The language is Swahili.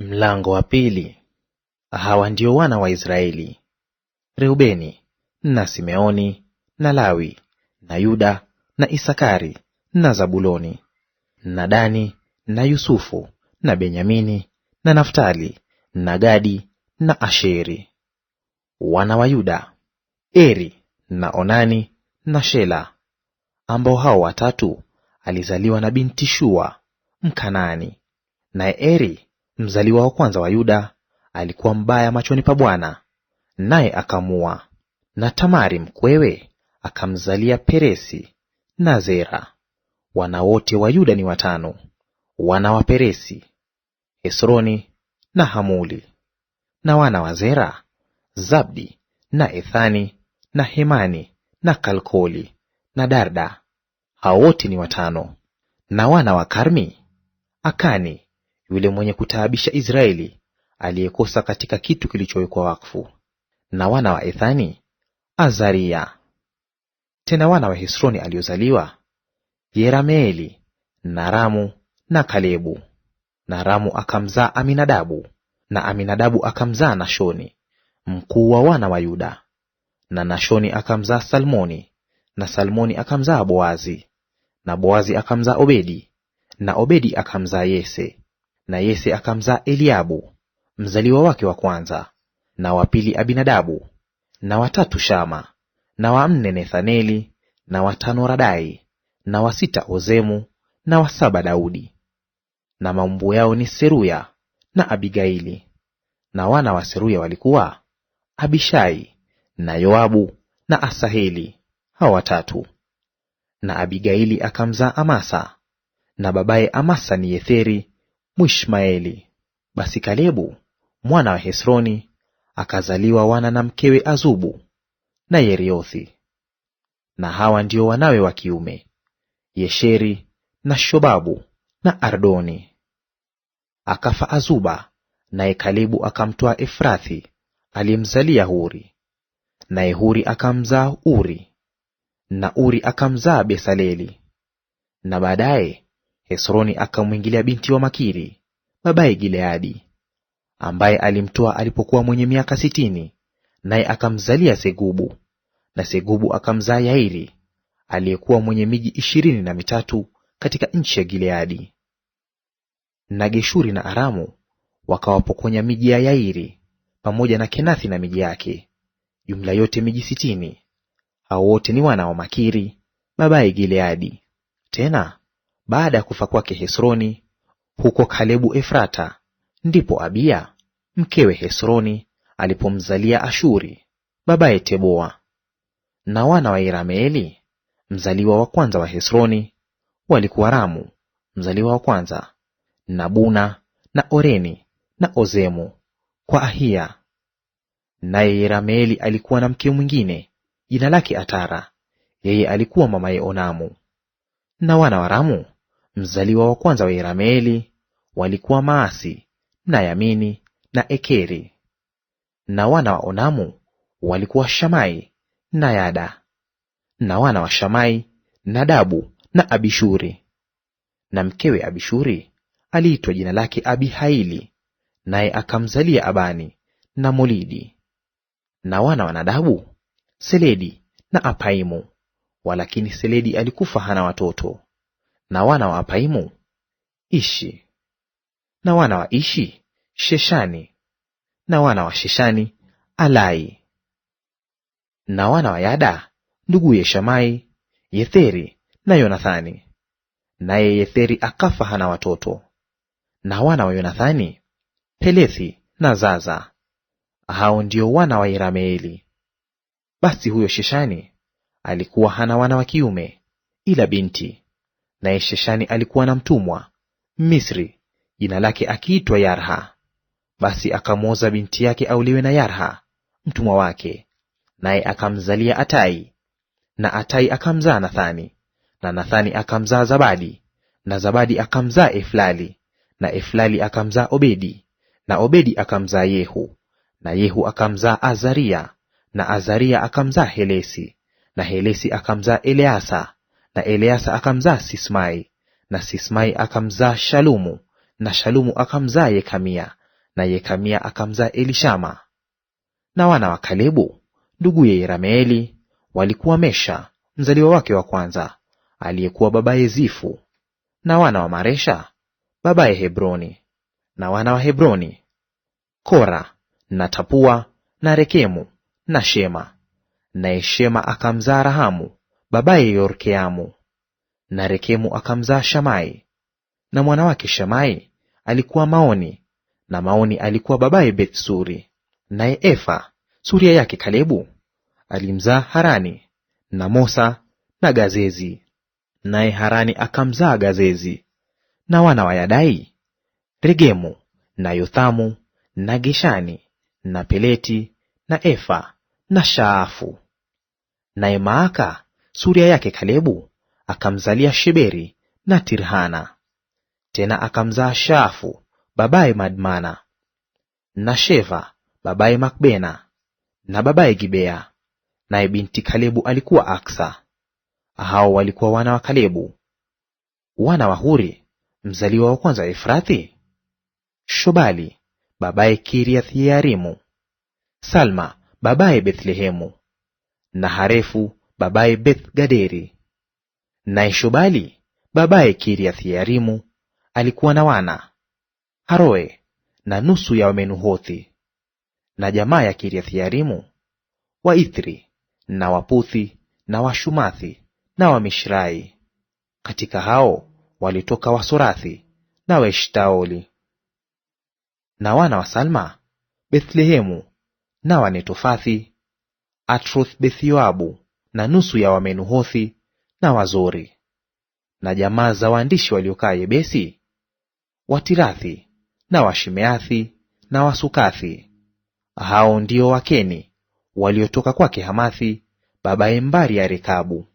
Mlango wa pili. Hawa ndio wana wa Israeli: Reubeni na Simeoni na Lawi na Yuda na Isakari na Zabuloni na Dani na Yusufu na Benyamini na Naftali na Gadi na Asheri. Wana wa Yuda: Eri na Onani na Shela, ambao hao watatu alizaliwa na binti Shua Mkanaani. Naye Eri mzaliwa wa kwanza wa Yuda, alikuwa mbaya machoni pa Bwana, naye akamua. Na Tamari mkwewe akamzalia Peresi na Zera. Wana wote wa Yuda ni watano, wana wa Peresi, Hesroni na Hamuli. Na wana wa Zera, Zabdi na Ethani na Hemani na Kalkoli na Darda; hao wote ni watano. Na wana wa Karmi, Akani yule mwenye kutaabisha Israeli, aliyekosa katika kitu kilichowekwa wakfu. Na wana wa Ethani, Azaria. Tena wana wa Hesroni aliozaliwa, Yerameeli na Ramu na Kalebu. Na Ramu akamzaa Aminadabu, na Aminadabu akamzaa Nashoni mkuu wa wana wa Yuda. Na Nashoni akamzaa Salmoni, na Salmoni akamzaa Boazi, na Boazi akamzaa Obedi, na Obedi akamzaa Yese, na Yese akamzaa Eliabu mzaliwa wake wa kwanza, na wa pili Abinadabu, na watatu Shama, na wa nne Nethaneli, na watano Radai, na wa sita Ozemu, na wa saba Daudi. Na maumbu yao ni Seruya na Abigaili. Na wana wa Seruya walikuwa Abishai na Yoabu na Asaheli, hao watatu. Na Abigaili akamzaa Amasa, na babaye Amasa ni Yetheri Mwishmaeli. Basi Kalebu mwana wa Hesroni akazaliwa wana na mkewe Azubu na Yeriothi. Na hawa ndio wanawe wa kiume: Yesheri na Shobabu na Ardoni. Akafa Azuba, naye Kalebu akamtwaa Efrathi aliyemzalia Huri, naye Huri akamzaa Uri, na Uri akamzaa Besaleli. Na baadaye Hesroni akamwingilia binti wa Makiri babaye Gileadi, ambaye alimtoa alipokuwa mwenye miaka sitini, naye akamzalia Segubu. Na Segubu akamzaa Yairi aliyekuwa mwenye miji ishirini na mitatu katika nchi ya Gileadi. Na Geshuri na Aramu wakawapokonya miji ya Yairi pamoja na Kenathi na miji yake, jumla yote miji sitini. Hao wote ni wana wa Makiri babaye Gileadi. Tena baada ya kufa kwake Hesroni huko Kalebu Efrata, ndipo Abiya mkewe Hesroni alipomzalia Ashuri babaye Teboa. Na wana wa yerameeli mzaliwa wa kwanza wa Hesroni walikuwa Ramu mzaliwa wa kwanza na Buna na Oreni na Ozemu kwa ahia Naye Yerameeli alikuwa na mke mwingine jina lake Atara, yeye alikuwa mamaye Onamu. Na wana wa Ramu Mzaliwa wa kwanza wa Yerameeli walikuwa Maasi na Yamini na Ekeri. Na wana wa Onamu walikuwa Shamai na Yada. Na wana wa Shamai Nadabu na Abishuri. Na mkewe Abishuri aliitwa jina lake Abihaili, naye akamzalia Abani na Molidi. Na wana wa Nadabu Seledi na Apaimu, walakini Seledi alikufa hana watoto na wana wa apaimu Ishi, na wana wa Ishi Sheshani, na wana wa Sheshani Alai, na wana wa Yada ya Shamai Yetheri na Yonathani. Naye Yetheri akafa hana watoto. Na wana wa Yonathani Pelethi na Zaza. Hao ndio wana wa Irameeli. Basi huyo Sheshani alikuwa hana wana wa kiume ila binti, Naye Sheshani alikuwa na mtumwa misri jina lake akiitwa Yarha. Basi akamwoza binti yake auliwe na Yarha mtumwa wake, naye akamzalia Atai, na Atai akamzaa Nathani, na Nathani akamzaa Zabadi, na Zabadi akamzaa Eflali, na Eflali akamzaa Obedi, na Obedi akamzaa Yehu, na Yehu akamzaa Azaria, na Azaria akamzaa Helesi, na Helesi akamzaa Eleasa, na Eleasa akamzaa Sismai, na Sismai akamzaa Shalumu, na Shalumu akamzaa Yekamia, na Yekamia akamzaa Elishama. Na wana wa Kalebu nduguye Yerameeli walikuwa Mesha mzaliwa wake wa kwanza, aliyekuwa babaye Zifu, na wana wa Maresha babaye Hebroni, na wana wa Hebroni Kora na Tapua na Rekemu na Shema. Naye Shema akamzaa Rahamu babaye Yorkeamu, na Rekemu akamzaa Shamai, na mwana wake Shamai alikuwa Maoni, na Maoni alikuwa babaye Bethsuri. Naye Efa suria yake Kalebu alimzaa Harani na Mosa na Gazezi, naye Harani akamzaa Gazezi. Na wana wa Yadai Regemu na Yothamu na Geshani na Peleti na Efa na Shaafu. Naye Maaka suria yake Kalebu akamzalia Sheberi na Tirhana. Tena akamzaa Shaafu babaye Madmana na Sheva babaye Makbena na babaye Gibea, naye binti Kalebu alikuwa Aksa. Hao walikuwa wana wa Kalebu. Wana wa Huri mzaliwa wa kwanza Efrathi, Shobali babaye Kiriath Yearimu, Salma babaye Bethlehemu, na Harefu babaye Beth-Gaderi. Naye Shobali babaye Kiriath-Yearimu alikuwa na wana Haroe na nusu ya Wamenuhothi. Na jamaa ya Kiriath-Yearimu, Waithri na Waputhi na Washumathi na Wamishrai. Katika hao walitoka Wasorathi na Waeshtaoli. Na wana wa Salma, Bethlehemu na Wanetofathi, Atroth Bethyoabu na nusu ya wamenuhothi na Wazori. Na jamaa za waandishi waliokaa Yebesi, Watirathi na Washimeathi na Wasukathi, hao ndio Wakeni waliotoka kwake Hamathi babaye mbari ya Rekabu.